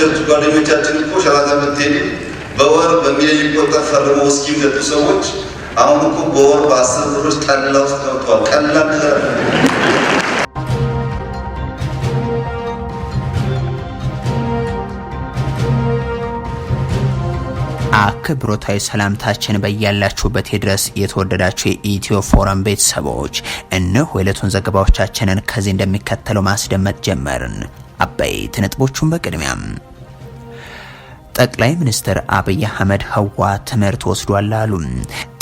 ወዳጆቻችን ጓደኞቻችን እኮ ሸራተ ብትሄድ በወር በሚሊዮን የሚቆጠር ፈርመው ውስኪ የሚጠጡ ሰዎች አሁን እኮ በወር በአስር ብሮች ጠላ ውስጥ ገብተዋል። ቀላ አክብሮታዊ ሰላምታችን በያላችሁበት ድረስ የተወደዳችሁ የኢትዮ ፎረም ቤተሰቦች እነሆ የዕለቱን ዘገባዎቻችንን ከዚህ እንደሚከተለው ማስደመጥ ጀመርን። አበይት ነጥቦቹን በቅድሚያም ጠቅላይ ሚኒስትር አብይ አህመድ ህዋ ትምህርት ወስዷል አሉ።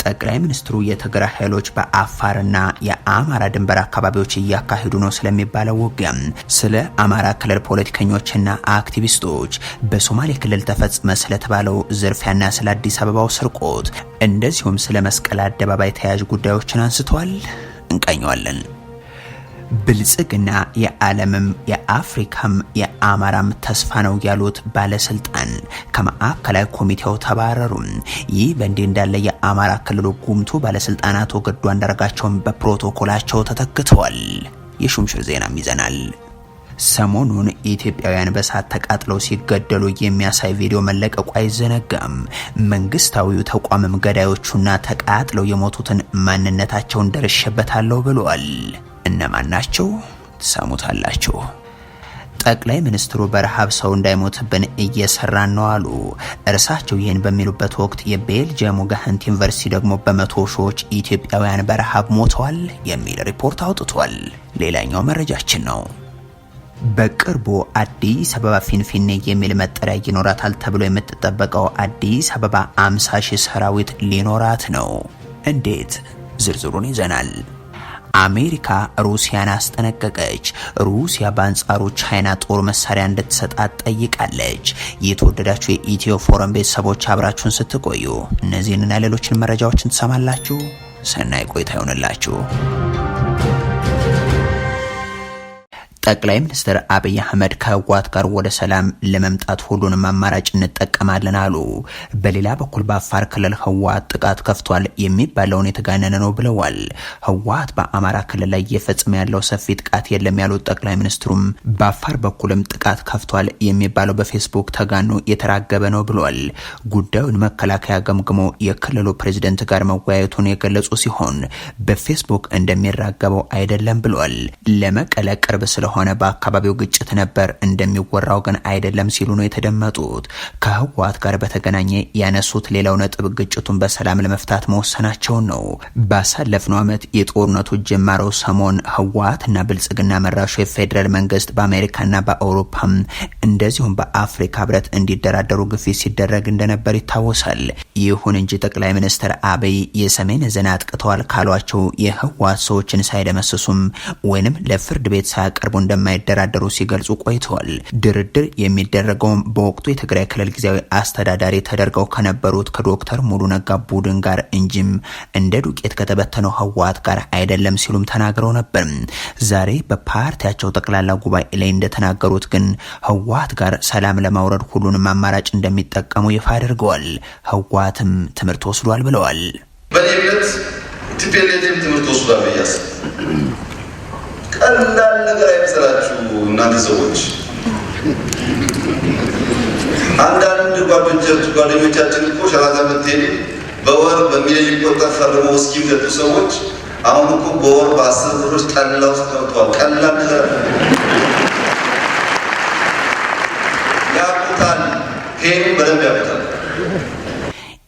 ጠቅላይ ሚኒስትሩ የትግራይ ኃይሎች በአፋርና የአማራ ድንበር አካባቢዎች እያካሄዱ ነው ስለሚባለው ውጊያ፣ ስለ አማራ ክልል ፖለቲከኞችና አክቲቪስቶች፣ በሶማሌ ክልል ተፈጽመ ስለተባለው ዝርፊያና ስለ አዲስ አበባው ስርቆት፣ እንደዚሁም ስለ መስቀል አደባባይ ተያያዥ ጉዳዮችን አንስተዋል። እንቃኘዋለን። ብልጽግና የዓለምም የአፍሪካም የአማራም ተስፋ ነው ያሉት ባለስልጣን ከማዕከላዊ ኮሚቴው ተባረሩ። ይህ በእንዲህ እንዳለ የአማራ ክልሉ ጉምቱ ባለስልጣናት ወገዱ ገዱ አንዳርጋቸውን በፕሮቶኮላቸው ተተክተዋል። የሹምሽር ዜናም ይዘናል። ሰሞኑን ኢትዮጵያውያን በእሳት ተቃጥለው ሲገደሉ የሚያሳይ ቪዲዮ መለቀቁ አይዘነጋም። መንግስታዊው ተቋምም ገዳዮቹና ተቃጥለው የሞቱትን ማንነታቸውን ደርሼበታለሁ ብለዋል። እነማን ናቸው? ትሰሙታላችሁ። ጠቅላይ ሚኒስትሩ በረሃብ ሰው እንዳይሞትብን እየሰራን ነው አሉ። እርሳቸው ይህን በሚሉበት ወቅት የቤልጅየሙ ጋህንት ዩኒቨርሲቲ ደግሞ በመቶ ሺዎች ኢትዮጵያውያን በረሃብ ሞተዋል የሚል ሪፖርት አውጥቷል። ሌላኛው መረጃችን ነው። በቅርቡ አዲስ አበባ ፊንፊኔ የሚል መጠሪያ ይኖራታል ተብሎ የምትጠበቀው አዲስ አበባ 50 ሺህ ሰራዊት ሊኖራት ነው። እንዴት? ዝርዝሩን ይዘናል። አሜሪካ ሩሲያን አስጠነቀቀች። ሩሲያ በአንጻሩ ቻይና ጦር መሳሪያ እንድትሰጣት ጠይቃለች። የተወደዳችሁ የኢትዮ ፎረም ቤተሰቦች አብራችሁን ስትቆዩ እነዚህንና ሌሎችን መረጃዎችን ትሰማላችሁ። ሰናይ ቆይታ ይሆንላችሁ። ጠቅላይ ሚኒስትር አብይ አህመድ ከህወሓት ጋር ወደ ሰላም ለመምጣት ሁሉንም አማራጭ እንጠቀማለን አሉ። በሌላ በኩል በአፋር ክልል ህወሓት ጥቃት ከፍቷል የሚባለውን የተጋነነ ነው ብለዋል። ህወሓት በአማራ ክልል ላይ እየፈጸመ ያለው ሰፊ ጥቃት የለም ያሉት ጠቅላይ ሚኒስትሩም በአፋር በኩልም ጥቃት ከፍቷል የሚባለው በፌስቡክ ተጋኖ የተራገበ ነው ብሏል። ጉዳዩን መከላከያ ገምግሞ የክልሉ ፕሬዚደንት ጋር መወያየቱን የገለጹ ሲሆን በፌስቡክ እንደሚራገበው አይደለም ብሏል። ለመቀለ ቅርብ ስለ እንደሆነ በአካባቢው ግጭት ነበር እንደሚወራው ግን አይደለም ሲሉ ነው የተደመጡት። ከህወሓት ጋር በተገናኘ ያነሱት ሌላው ነጥብ ግጭቱን በሰላም ለመፍታት መወሰናቸውን ነው። ባሳለፍነው ዓመት የጦርነቱ ጅማሮ ሰሞን ህወሓትና ብልጽግና መራሹ የፌዴራል መንግስት በአሜሪካና በአውሮፓም እንደዚሁም በአፍሪካ ህብረት እንዲደራደሩ ግፊት ሲደረግ እንደነበር ይታወሳል። ይሁን እንጂ ጠቅላይ ሚኒስትር አብይ የሰሜን ዘና አጥቅተዋል ካሏቸው የህወሓት ሰዎችን ሳይደመስሱም ወይንም ለፍርድ ቤት ሳያቀርቡ እንደማይደራደሩ ሲገልጹ ቆይተዋል። ድርድር የሚደረገውም በወቅቱ የትግራይ ክልል ጊዜያዊ አስተዳዳሪ ተደርገው ከነበሩት ከዶክተር ሙሉ ነጋ ቡድን ጋር እንጂም እንደ ዱቄት ከተበተነው ህወሓት ጋር አይደለም ሲሉም ተናግረው ነበር። ዛሬ በፓርቲያቸው ጠቅላላ ጉባኤ ላይ እንደተናገሩት ግን ህወሓት ጋር ሰላም ለማውረድ ሁሉንም አማራጭ እንደሚጠቀሙ ይፋ አድርገዋል። ህወሓትም ትምህርት ወስዷል ብለዋል። በእኔ እምነት ኢትዮጵያ ትምህርት ወስዷል ብያስ ቀላል ነገር አይመስላችሁ እናንተ ሰዎች። አንዳንድ ጓደኞቻችን ጓደኞቻችን እኮ ሸራዛ ብትሄዱ በወር በሚሊዮን የሚቆጠር ፈርሞ ውስኪ የሚጠጡ ሰዎች አሁን እኮ በወር በአስር ብሮች ጠላ ውስጥ ገብተዋል። ቀላል ነገር ያቁታል። ይሄን በደንብ ያቁታል።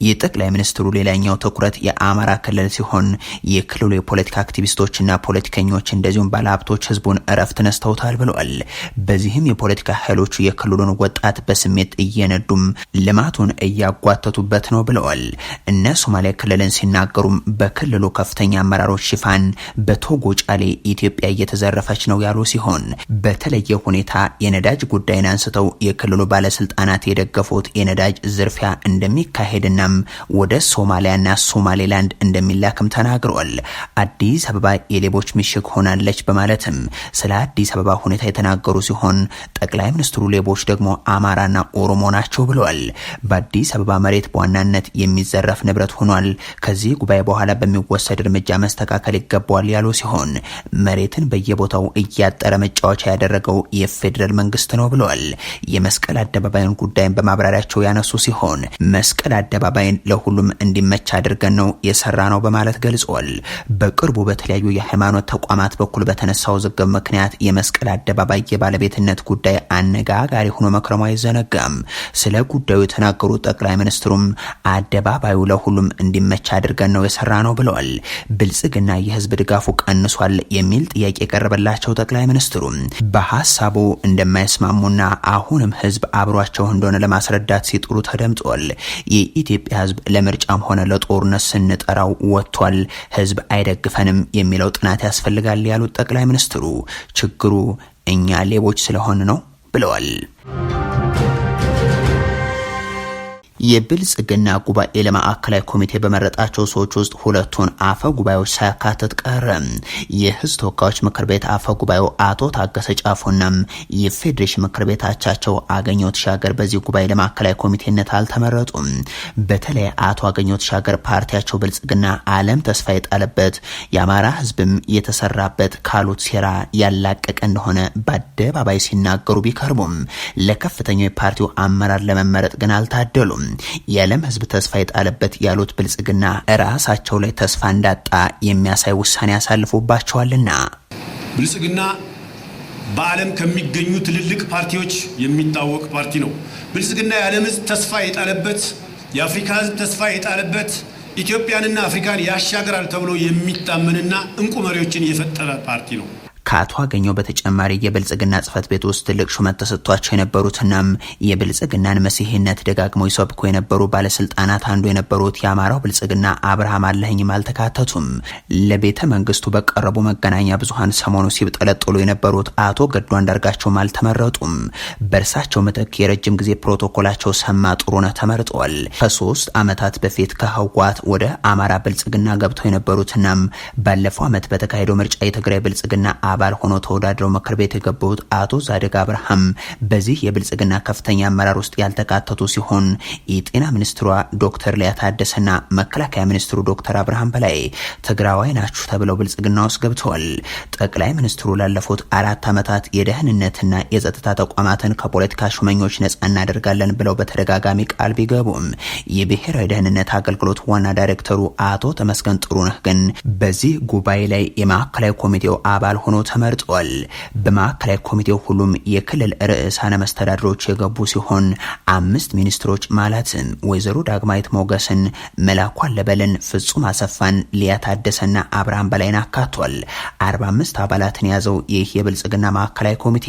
የጠቅላይ ሚኒስትሩ ሌላኛው ትኩረት የአማራ ክልል ሲሆን የክልሉ የፖለቲካ አክቲቪስቶችና ፖለቲከኞች እንደዚሁም ባለሀብቶች ህዝቡን እረፍት ነስተውታል ብለዋል። በዚህም የፖለቲካ ኃይሎቹ የክልሉን ወጣት በስሜት እየነዱም ልማቱን እያጓተቱበት ነው ብለዋል። እነ ሶማሊያ ክልልን ሲናገሩም በክልሉ ከፍተኛ አመራሮች ሽፋን በቶጎ ጫሌ ኢትዮጵያ እየተዘረፈች ነው ያሉ ሲሆን በተለየ ሁኔታ የነዳጅ ጉዳይን አንስተው የክልሉ ባለስልጣናት የደገፉት የነዳጅ ዝርፊያ እንደሚካሄድና መረጃም ወደ ሶማሊያና ሶማሌላንድ እንደሚላክም ተናግሯል። አዲስ አበባ የሌቦች ምሽግ ሆናለች በማለትም ስለ አዲስ አበባ ሁኔታ የተናገሩ ሲሆን ጠቅላይ ሚኒስትሩ ሌቦች ደግሞ አማራና ኦሮሞ ናቸው ብለዋል። በአዲስ አበባ መሬት በዋናነት የሚዘረፍ ንብረት ሆኗል። ከዚህ ጉባኤ በኋላ በሚወሰድ እርምጃ መስተካከል ይገባዋል ያሉ ሲሆን መሬትን በየቦታው እያጠረ መጫወቻ ያደረገው የፌዴራል መንግስት ነው ብለዋል። የመስቀል አደባባይን ጉዳይን በማብራሪያቸው ያነሱ ሲሆን መስቀል አደባባይ አባይን ለሁሉም እንዲመች አድርገን ነው የሰራ ነው በማለት ገልጿል። በቅርቡ በተለያዩ የሃይማኖት ተቋማት በኩል በተነሳው ዝግብ ምክንያት የመስቀል አደባባይ የባለቤትነት ጉዳይ አነጋጋሪ ሆኖ መክረሙ አይዘነጋም። ስለ ጉዳዩ የተናገሩት ጠቅላይ ሚኒስትሩም አደባባዩ ለሁሉም እንዲመች አድርገን ነው የሰራ ነው ብለዋል። ብልጽግና የህዝብ ድጋፉ ቀንሷል የሚል ጥያቄ የቀረበላቸው ጠቅላይ ሚኒስትሩ በሀሳቡ እንደማይስማሙና አሁንም ህዝብ አብሯቸው እንደሆነ ለማስረዳት ሲጥሩ ተደምጧል። የኢትዮጵያ የኢትዮጵያ ህዝብ ለምርጫም ሆነ ለጦርነት ስንጠራው ወጥቷል፣ ህዝብ አይደግፈንም የሚለው ጥናት ያስፈልጋል ያሉት ጠቅላይ ሚኒስትሩ ችግሩ እኛ ሌቦች ስለሆን ነው ብለዋል። የብልጽግና ጉባኤ ለማዕከላዊ ኮሚቴ በመረጣቸው ሰዎች ውስጥ ሁለቱን አፈ ጉባኤዎች ሳያካትት ቀረ። የህዝብ ተወካዮች ምክር ቤት አፈ ጉባኤው አቶ ታገሰ ጫፉና የፌዴሬሽን ምክር ቤት አቻቸው አገኘሁ ተሻገር በዚህ ጉባኤ ለማዕከላዊ ኮሚቴነት አልተመረጡም። በተለይ አቶ አገኘሁ ተሻገር ፓርቲያቸው ብልጽግና አለም ተስፋ የጣለበት የአማራ ህዝብም የተሰራበት ካሉት ሴራ ያላቀቀ እንደሆነ በአደባባይ ሲናገሩ ቢከርቡም ለከፍተኛው የፓርቲው አመራር ለመመረጥ ግን አልታደሉም። የዓለም ህዝብ ተስፋ የጣለበት ያሉት ብልጽግና ራሳቸው ላይ ተስፋ እንዳጣ የሚያሳይ ውሳኔ ያሳልፉባቸዋልና ብልጽግና በዓለም ከሚገኙ ትልልቅ ፓርቲዎች የሚታወቅ ፓርቲ ነው። ብልጽግና የዓለም ህዝብ ተስፋ የጣለበት የአፍሪካ ህዝብ ተስፋ የጣለበት ኢትዮጵያንና አፍሪካን ያሻግራል ተብሎ የሚታመንና እንቁ መሪዎችን የፈጠረ ፓርቲ ነው። ከአቶ አገኘው በተጨማሪ የብልጽግና ጽህፈት ቤት ውስጥ ትልቅ ሹመት ተሰጥቷቸው የነበሩትናም የብልጽግናን መሲህነት ደጋግመው ይሰብኩ የነበሩ ባለስልጣናት አንዱ የነበሩት የአማራው ብልጽግና አብርሃም አለኸኝም አልተካተቱም። ለቤተ መንግስቱ በቀረቡ መገናኛ ብዙሀን ሰሞኑ ሲብጠለጥሉ የነበሩት አቶ ገዱ አንዳርጋቸውም አልተመረጡም። በእርሳቸው ምትክ የረጅም ጊዜ ፕሮቶኮላቸው ሰማ ጥሩነህ ተመርጧል። ከሶስት አመታት በፊት ከህወሓት ወደ አማራ ብልጽግና ገብተው የነበሩትናም ባለፈው ዓመት በተካሄደው ምርጫ የትግራይ ብልጽግና አባል ሆኖ ተወዳድረው ምክር ቤት የገቡት አቶ ዛደግ አብርሃም በዚህ የብልጽግና ከፍተኛ አመራር ውስጥ ያልተካተቱ ሲሆን የጤና ሚኒስትሯ ዶክተር ሊያ ታደሰና መከላከያ ሚኒስትሩ ዶክተር አብርሃም በላይ ትግራዋይ ናችሁ ተብለው ብልጽግና ውስጥ ገብተዋል። ጠቅላይ ሚኒስትሩ ላለፉት አራት ዓመታት የደህንነትና የጸጥታ ተቋማትን ከፖለቲካ ሹመኞች ነጻ እናደርጋለን ብለው በተደጋጋሚ ቃል ቢገቡም የብሔራዊ ደህንነት አገልግሎት ዋና ዳይሬክተሩ አቶ ተመስገን ጥሩነህ ግን በዚህ ጉባኤ ላይ የማዕከላዊ ኮሚቴው አባል ሆኖ ተመርጧል። ተመርጠዋል። በማዕከላዊ ኮሚቴው ሁሉም የክልል ርዕሳነ መስተዳድሮች የገቡ ሲሆን አምስት ሚኒስትሮች ማለትም ወይዘሮ ዳግማዊት ሞገስን፣ መላኳን ለበልን፣ ፍጹም አሰፋን፣ ሊያ ታደሰና አብርሃም በላይን አካቷል። 45 አባላትን ያዘው ይህ የብልጽግና ማዕከላዊ ኮሚቴ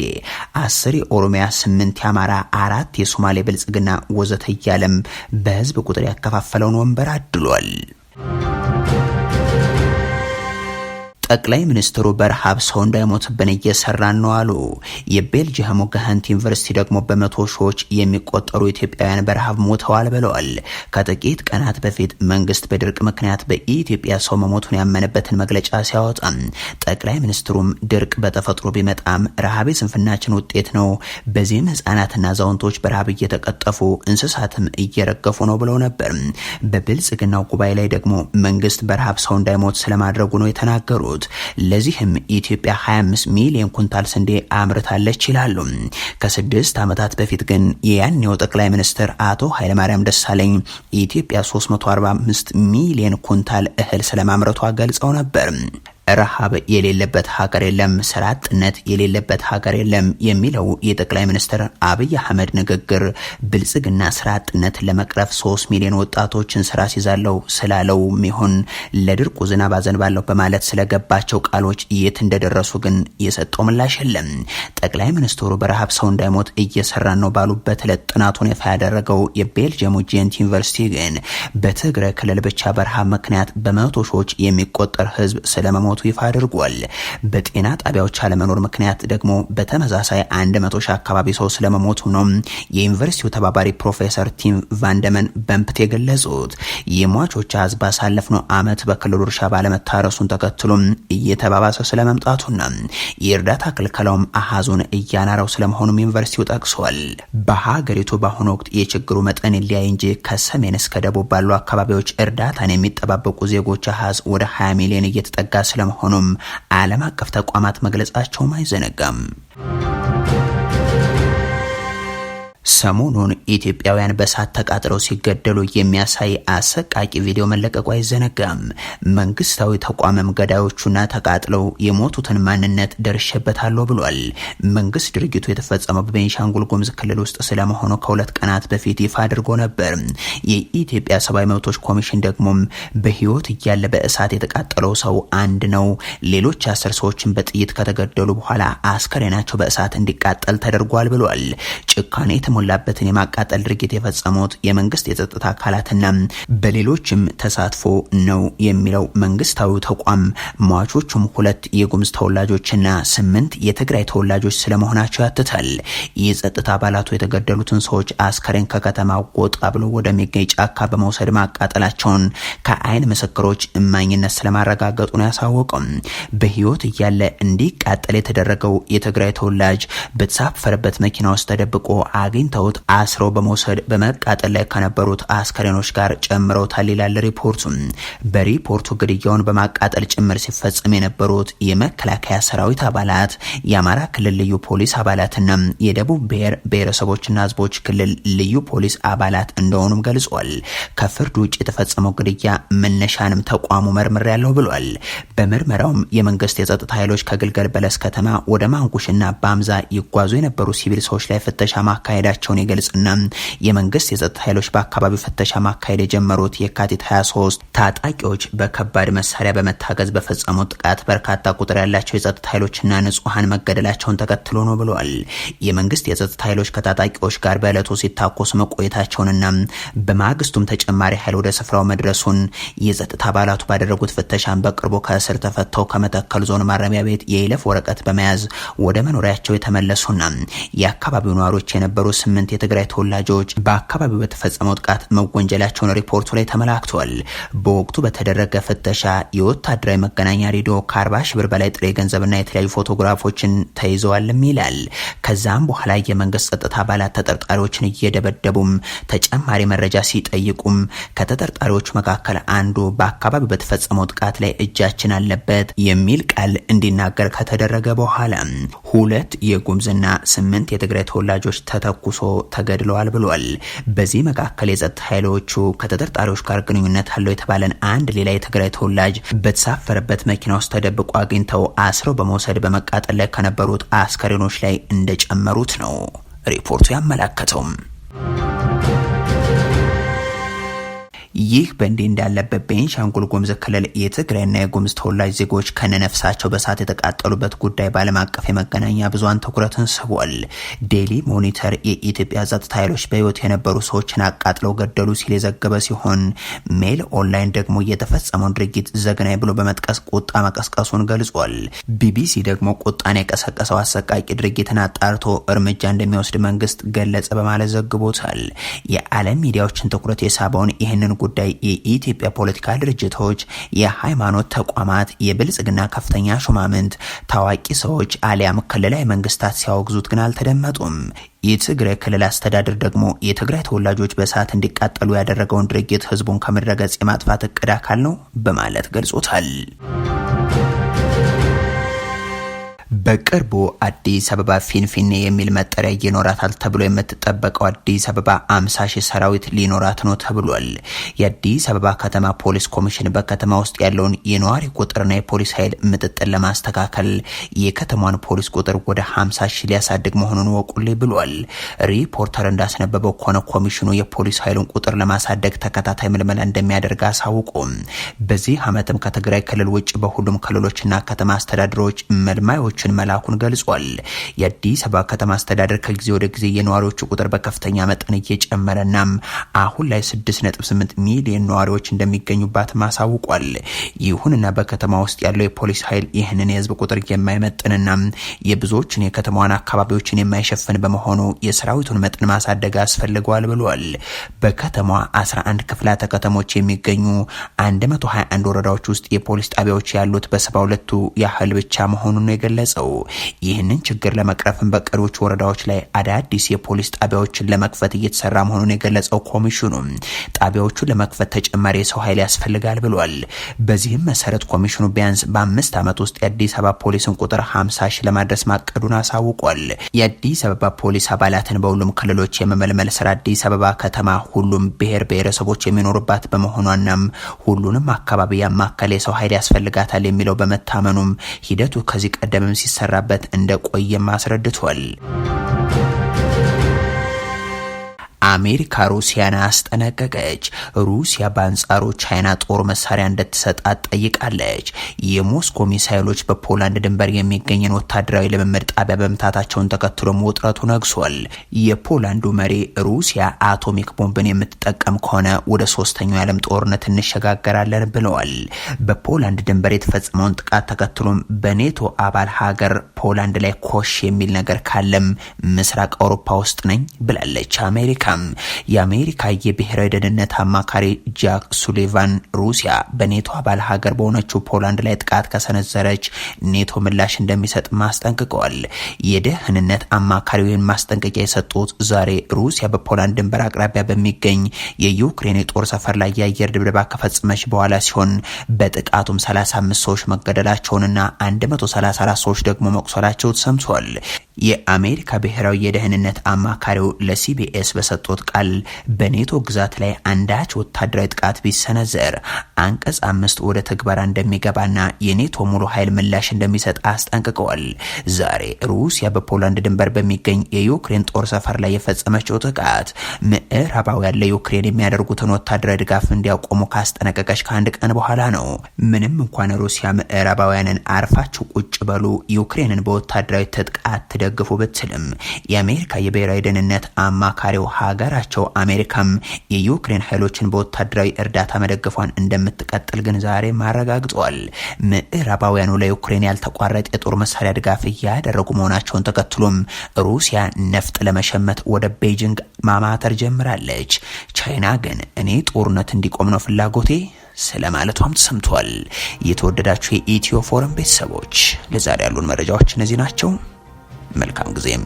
አስር የኦሮሚያ፣ ስምንት የአማራ፣ አራት የሶማሌ ብልጽግና ወዘተ እያለም በህዝብ ቁጥር ያከፋፈለውን ወንበር አድሏል። ጠቅላይ ሚኒስትሩ በረሃብ ሰው እንዳይሞትብን እየሰራን ነው አሉ። የቤልጅየሙ ጋህንት ዩኒቨርሲቲ ደግሞ በመቶ ሺዎች የሚቆጠሩ ኢትዮጵያውያን በረሃብ ሞተዋል ብለዋል። ከጥቂት ቀናት በፊት መንግስት በድርቅ ምክንያት በኢትዮጵያ ሰው መሞቱን ያመነበትን መግለጫ ሲያወጣ ጠቅላይ ሚኒስትሩም ድርቅ በተፈጥሮ ቢመጣም ረሃብ የስንፍናችን ውጤት ነው፣ በዚህም ህጻናትና አዛውንቶች በረሃብ እየተቀጠፉ እንስሳትም እየረገፉ ነው ብለው ነበር። በብልጽግናው ጉባኤ ላይ ደግሞ መንግስት በረሃብ ሰው እንዳይሞት ስለማድረጉ ነው የተናገሩት። የሚያደርሱት። ለዚህም ኢትዮጵያ 25 ሚሊዮን ኩንታል ስንዴ አምርታለች ይላሉ። ከስድስት ዓመታት በፊት ግን የያኔው ጠቅላይ ሚኒስትር አቶ ኃይለማርያም ደሳለኝ ኢትዮጵያ 345 ሚሊዮን ኩንታል እህል ስለማምረቷ ገልጸው ነበር። ረሃብ የሌለበት ሀገር የለም፣ ስራ አጥነት የሌለበት ሀገር የለም የሚለው የጠቅላይ ሚኒስትር አብይ አህመድ ንግግር ብልጽግና ስራ አጥነት ለመቅረፍ ሶስት ሚሊዮን ወጣቶችን ስራ ሲዛለው ስላለው ሚሆን ለድርቁ ዝናብ አዘንባለሁ በማለት ስለገባቸው ቃሎች የት እንደደረሱ ግን የሰጠው ምላሽ የለም። ጠቅላይ ሚኒስትሩ በረሃብ ሰው እንዳይሞት እየሰራ ነው ባሉበት ዕለት ጥናቱን ይፋ ያደረገው የቤልጅየሙ ጄንት ዩኒቨርሲቲ ግን በትግራይ ክልል ብቻ በረሃብ ምክንያት በመቶ ሺዎች የሚቆጠር ህዝብ ስለመሞ እንደሞቱ ይፋ አድርጓል። በጤና ጣቢያዎች አለመኖር ምክንያት ደግሞ በተመሳሳይ 100 ሺህ አካባቢ ሰው ስለመሞቱ ነው የዩኒቨርሲቲው ተባባሪ ፕሮፌሰር ቲም ቫንደመን በምፕት የገለጹት። የሟቾች ህዝብ ባሳለፍነው ዓመት በክልሉ እርሻ ባለመታረሱን ተከትሎ እየተባባሰ ስለመምጣቱና የእርዳታ ክልከላውም አሃዙን እያናረው ስለመሆኑም ዩኒቨርሲቲው ጠቅሷል። በሀገሪቱ በአሁኑ ወቅት የችግሩ መጠን ሊያይ እንጂ ከሰሜን እስከ ደቡብ ባሉ አካባቢዎች እርዳታን የሚጠባበቁ ዜጎች አሃዝ ወደ 20 ሚሊዮን እየተጠጋ ስለ ስለመሆኑም ዓለም አቀፍ ተቋማት መግለጻቸውም አይዘነጋም። ሰሞኑን ኢትዮጵያውያን በእሳት ተቃጥለው ሲገደሉ የሚያሳይ አሰቃቂ ቪዲዮ መለቀቁ አይዘነጋም። መንግስታዊ ተቋምም ገዳዮቹና ተቃጥለው የሞቱትን ማንነት ደርሼበታለሁ ብሏል። መንግስት ድርጊቱ የተፈጸመው በቤንሻንጉል ጎምዝ ክልል ውስጥ ስለመሆኑ ከሁለት ቀናት በፊት ይፋ አድርጎ ነበር። የኢትዮጵያ ሰብአዊ መብቶች ኮሚሽን ደግሞም በህይወት እያለ በእሳት የተቃጠለው ሰው አንድ ነው፣ ሌሎች አስር ሰዎችን በጥይት ከተገደሉ በኋላ አስከሬናቸው በእሳት እንዲቃጠል ተደርጓል ብሏል። ጭካኔ የተሞላበትን የማቃጠል ድርጊት የፈጸሙት የመንግስት የጸጥታ አካላትና በሌሎችም ተሳትፎ ነው የሚለው መንግስታዊ ተቋም ሟቾቹም ሁለት የጉምዝ ተወላጆችና ስምንት የትግራይ ተወላጆች ስለመሆናቸው ያትታል። የጸጥታ አባላቱ የተገደሉትን ሰዎች አስከሬን ከከተማ ወጣ ብሎ ወደሚገኝ ጫካ በመውሰድ ማቃጠላቸውን ከአይን ምስክሮች እማኝነት ስለማረጋገጡ ነው ያሳወቀም። በህይወት እያለ እንዲቃጠል የተደረገው የትግራይ ተወላጅ በተሳፈረበት መኪና ውስጥ ተደብቆ አገ አግኝተውት አስረው በመውሰድ በመቃጠል ላይ ከነበሩት አስከሬኖች ጋር ጨምረውታል ይላል ሪፖርቱ። በሪፖርቱ ግድያውን በማቃጠል ጭምር ሲፈጸም የነበሩት የመከላከያ ሰራዊት አባላት፣ የአማራ ክልል ልዩ ፖሊስ አባላትና የደቡብ ብሔር ብሔረሰቦችና ህዝቦች ክልል ልዩ ፖሊስ አባላት እንደሆኑም ገልጿል። ከፍርድ ውጭ የተፈጸመው ግድያ መነሻንም ተቋሙ መርምር ያለው ብሏል። በምርመራውም የመንግስት የጸጥታ ኃይሎች ከግልገል በለስ ከተማ ወደ ማንኩሽና በአምዛ ይጓዙ የነበሩ ሲቪል ሰዎች ላይ ፍተሻ ማካሄዳ መታሰቢያቸውን ይገልጽና የመንግስት የጸጥታ ኃይሎች በአካባቢው ፍተሻ ማካሄድ የጀመሩት የካቲት 23 ታጣቂዎች በከባድ መሳሪያ በመታገዝ በፈጸሙት ጥቃት በርካታ ቁጥር ያላቸው የጸጥታ ኃይሎችና ንጹሐን መገደላቸውን ተከትሎ ነው ብለዋል። የመንግስት የጸጥታ ኃይሎች ከታጣቂዎች ጋር በዕለቱ ሲታኮስ መቆየታቸውንና በማግስቱም ተጨማሪ ኃይል ወደ ስፍራው መድረሱን የጸጥታ አባላቱ ባደረጉት ፍተሻን በቅርቡ ከእስር ተፈተው ከመተከል ዞን ማረሚያ ቤት የይለፍ ወረቀት በመያዝ ወደ መኖሪያቸው የተመለሱና የአካባቢው ነዋሪዎች የነበሩ ስምንት የትግራይ ተወላጆች በአካባቢው በተፈጸመው ጥቃት መወንጀላቸውን ሪፖርቱ ላይ ተመላክቷል። በወቅቱ በተደረገ ፍተሻ የወታደራዊ መገናኛ ሬዲዮ ከአርባ ሺ ብር በላይ ጥሬ ገንዘብና የተለያዩ ፎቶግራፎችን ተይዘዋልም ይላል። ከዛም በኋላ የመንግስት ጸጥታ አባላት ተጠርጣሪዎችን እየደበደቡም ተጨማሪ መረጃ ሲጠይቁም ከተጠርጣሪዎቹ መካከል አንዱ በአካባቢው በተፈጸመው ጥቃት ላይ እጃችን አለበት የሚል ቃል እንዲናገር ከተደረገ በኋላ ሁለት የጉምዝና ስምንት የትግራይ ተወላጆች ተተኩ ተኩሶ ተገድለዋል ብሏል። በዚህ መካከል የጸጥታ ኃይሎቹ ከተጠርጣሪዎች ጋር ግንኙነት አለው የተባለን አንድ ሌላ የትግራይ ተወላጅ በተሳፈረበት መኪና ውስጥ ተደብቆ አግኝተው አስረው በመውሰድ በመቃጠል ላይ ከነበሩት አስከሬኖች ላይ እንደጨመሩት ነው ሪፖርቱ ያመላከተውም። ይህ በእንዲህ እንዳለበት ቤንሻንጉል ጉምዝ ክልል የትግራይና የጉምዝ ተወላጅ ዜጎች ከነነፍሳቸው በሳት የተቃጠሉበት ጉዳይ በዓለም አቀፍ የመገናኛ ብዙሃን ትኩረትን ስቧል። ዴሊ ሞኒተር የኢትዮጵያ ጸጥታ ኃይሎች በህይወት የነበሩ ሰዎችን አቃጥለው ገደሉ ሲል የዘገበ ሲሆን ሜል ኦንላይን ደግሞ የተፈጸመውን ድርጊት ዘግናኝ ብሎ በመጥቀስ ቁጣ መቀስቀሱን ገልጿል። ቢቢሲ ደግሞ ቁጣን የቀሰቀሰው አሰቃቂ ድርጊትን አጣርቶ እርምጃ እንደሚወስድ መንግስት ገለጸ በማለት ዘግቦታል። የዓለም ሚዲያዎችን ትኩረት የሳበውን ይህንን ጉዳይ የኢትዮጵያ ፖለቲካ ድርጅቶች፣ የሃይማኖት ተቋማት፣ የብልጽግና ከፍተኛ ሹማምንት፣ ታዋቂ ሰዎች አሊያም ክልላዊ መንግስታት ሲያወግዙት ግን አልተደመጡም። የትግራይ ክልል አስተዳደር ደግሞ የትግራይ ተወላጆች በእሳት እንዲቃጠሉ ያደረገውን ድርጊት ህዝቡን ከምድረገጽ የማጥፋት እቅድ አካል ነው በማለት ገልጾታል። በቅርቡ አዲስ አበባ ፊንፊኔ የሚል መጠሪያ ይኖራታል ተብሎ የምትጠበቀው አዲስ አበባ አምሳ ሺህ ሰራዊት ሊኖራት ነው ተብሏል። የአዲስ አበባ ከተማ ፖሊስ ኮሚሽን በከተማ ውስጥ ያለውን የነዋሪ ቁጥርና የፖሊስ ኃይል ምጥጥን ለማስተካከል የከተማን ፖሊስ ቁጥር ወደ ሀምሳ ሺህ ሊያሳድግ መሆኑን ወቁልኝ ብሏል። ሪፖርተር እንዳስነበበው ከሆነ ኮሚሽኑ የፖሊስ ኃይሉን ቁጥር ለማሳደግ ተከታታይ ምልመላ እንደሚያደርግ አሳውቁም። በዚህ ዓመትም ከትግራይ ክልል ውጭ በሁሉም ክልሎችና ከተማ አስተዳደሮች መልማዮች ኃይሎችን መላኩን ገልጿል። የአዲስ አበባ ከተማ አስተዳደር ከጊዜ ወደ ጊዜ የነዋሪዎቹ ቁጥር በከፍተኛ መጠን እየጨመረና አሁን ላይ 6.8 ሚሊዮን ነዋሪዎች እንደሚገኙባት ማሳውቋል። ይሁንና በከተማ ውስጥ ያለው የፖሊስ ኃይል ይህንን የህዝብ ቁጥር የማይመጥንና የብዙዎችን የከተማዋን አካባቢዎችን የማይሸፍን በመሆኑ የሰራዊቱን መጠን ማሳደግ አስፈልገዋል ብሏል። በከተማዋ 11 ክፍላተ ከተሞች የሚገኙ 121 ወረዳዎች ውስጥ የፖሊስ ጣቢያዎች ያሉት በሰባ ሁለቱ ያህል ብቻ መሆኑን የገለጸ የገለጸው። ይህንን ችግር ለመቅረፍም በቀሪዎች ወረዳዎች ላይ አዳዲስ የፖሊስ ጣቢያዎችን ለመክፈት እየተሰራ መሆኑን የገለጸው ኮሚሽኑ ጣቢያዎቹን ለመክፈት ተጨማሪ የሰው ኃይል ያስፈልጋል ብሏል። በዚህም መሰረት ኮሚሽኑ ቢያንስ በአምስት ዓመት ውስጥ የአዲስ አበባ ፖሊስን ቁጥር 50 ለማድረስ ማቀዱን አሳውቋል። የአዲስ አበባ ፖሊስ አባላትን በሁሉም ክልሎች የመመልመል ስራ አዲስ አበባ ከተማ ሁሉም ብሔር ብሔረሰቦች የሚኖሩባት በመሆኗናም ሁሉንም አካባቢ ያማከለ የሰው ኃይል ያስፈልጋታል የሚለው በመታመኑም ሂደቱ ከዚህ ቀደምም ሲሰራበት እንደቆየም አስረድቷል። አሜሪካ ሩሲያን አስጠነቀቀች። ሩሲያ በአንጻሩ ቻይና ጦር መሳሪያ እንድትሰጣት ጠይቃለች። የሞስኮ ሚሳይሎች በፖላንድ ድንበር የሚገኝን ወታደራዊ ልምምድ ጣቢያ መምታታቸውን ተከትሎ ውጥረቱ ነግሷል። የፖላንዱ መሪ ሩሲያ አቶሚክ ቦምብን የምትጠቀም ከሆነ ወደ ሶስተኛው የዓለም ጦርነት እንሸጋገራለን ብለዋል። በፖላንድ ድንበር የተፈጸመውን ጥቃት ተከትሎም በኔቶ አባል ሀገር ፖላንድ ላይ ኮሽ የሚል ነገር ካለም ምስራቅ አውሮፓ ውስጥ ነኝ ብላለች አሜሪካ። የአሜሪካ የብሔራዊ ደህንነት አማካሪ ጃክ ሱሊቫን ሩሲያ በኔቶ አባል ሀገር በሆነችው ፖላንድ ላይ ጥቃት ከሰነዘረች ኔቶ ምላሽ እንደሚሰጥ ማስጠንቅቀዋል። የደህንነት አማካሪውን ማስጠንቀቂያ የሰጡት ዛሬ ሩሲያ በፖላንድ ድንበር አቅራቢያ በሚገኝ የዩክሬን የጦር ሰፈር ላይ የአየር ድብደባ ከፈጸመች በኋላ ሲሆን በጥቃቱም 35 ሰዎች መገደላቸውንና 134 ሰዎች ደግሞ መቁሰላቸው ተሰምቷል። የአሜሪካ ብሔራዊ የደህንነት አማካሪው ለሲቢኤስ በሰጡት ቃል በኔቶ ግዛት ላይ አንዳች ወታደራዊ ጥቃት ቢሰነዘር አንቀጽ አምስት ወደ ተግባራ እንደሚገባና የኔቶ ሙሉ ኃይል ምላሽ እንደሚሰጥ አስጠንቅቀዋል። ዛሬ ሩሲያ በፖላንድ ድንበር በሚገኝ የዩክሬን ጦር ሰፈር ላይ የፈጸመችው ጥቃት ምዕራባውያን ለዩክሬን የሚያደርጉትን ወታደራዊ ድጋፍ እንዲያቆሙ ካስጠነቀቀች ከአንድ ቀን በኋላ ነው። ምንም እንኳን ሩሲያ ምዕራባውያንን አርፋችሁ ቁጭ በሉ፣ ዩክሬንን በወታደራዊ ትጥቃት ሲደግፉ ብትልም የአሜሪካ የብሔራዊ ደህንነት አማካሪው ሀገራቸው አሜሪካም የዩክሬን ኃይሎችን በወታደራዊ እርዳታ መደግፏን እንደምትቀጥል ግን ዛሬ ማረጋግጧል። ምዕራባውያኑ ለዩክሬን ያልተቋረጠ የጦር መሳሪያ ድጋፍ እያደረጉ መሆናቸውን ተከትሎም ሩሲያ ነፍጥ ለመሸመት ወደ ቤጂንግ ማማተር ጀምራለች። ቻይና ግን እኔ ጦርነት እንዲቆም ነው ፍላጎቴ ስለማለቷም ተሰምቷል። የተወደዳችሁ የኢትዮ ፎረም ቤተሰቦች ለዛሬ ያሉን መረጃዎች እነዚህ ናቸው። መልካም ጊዜም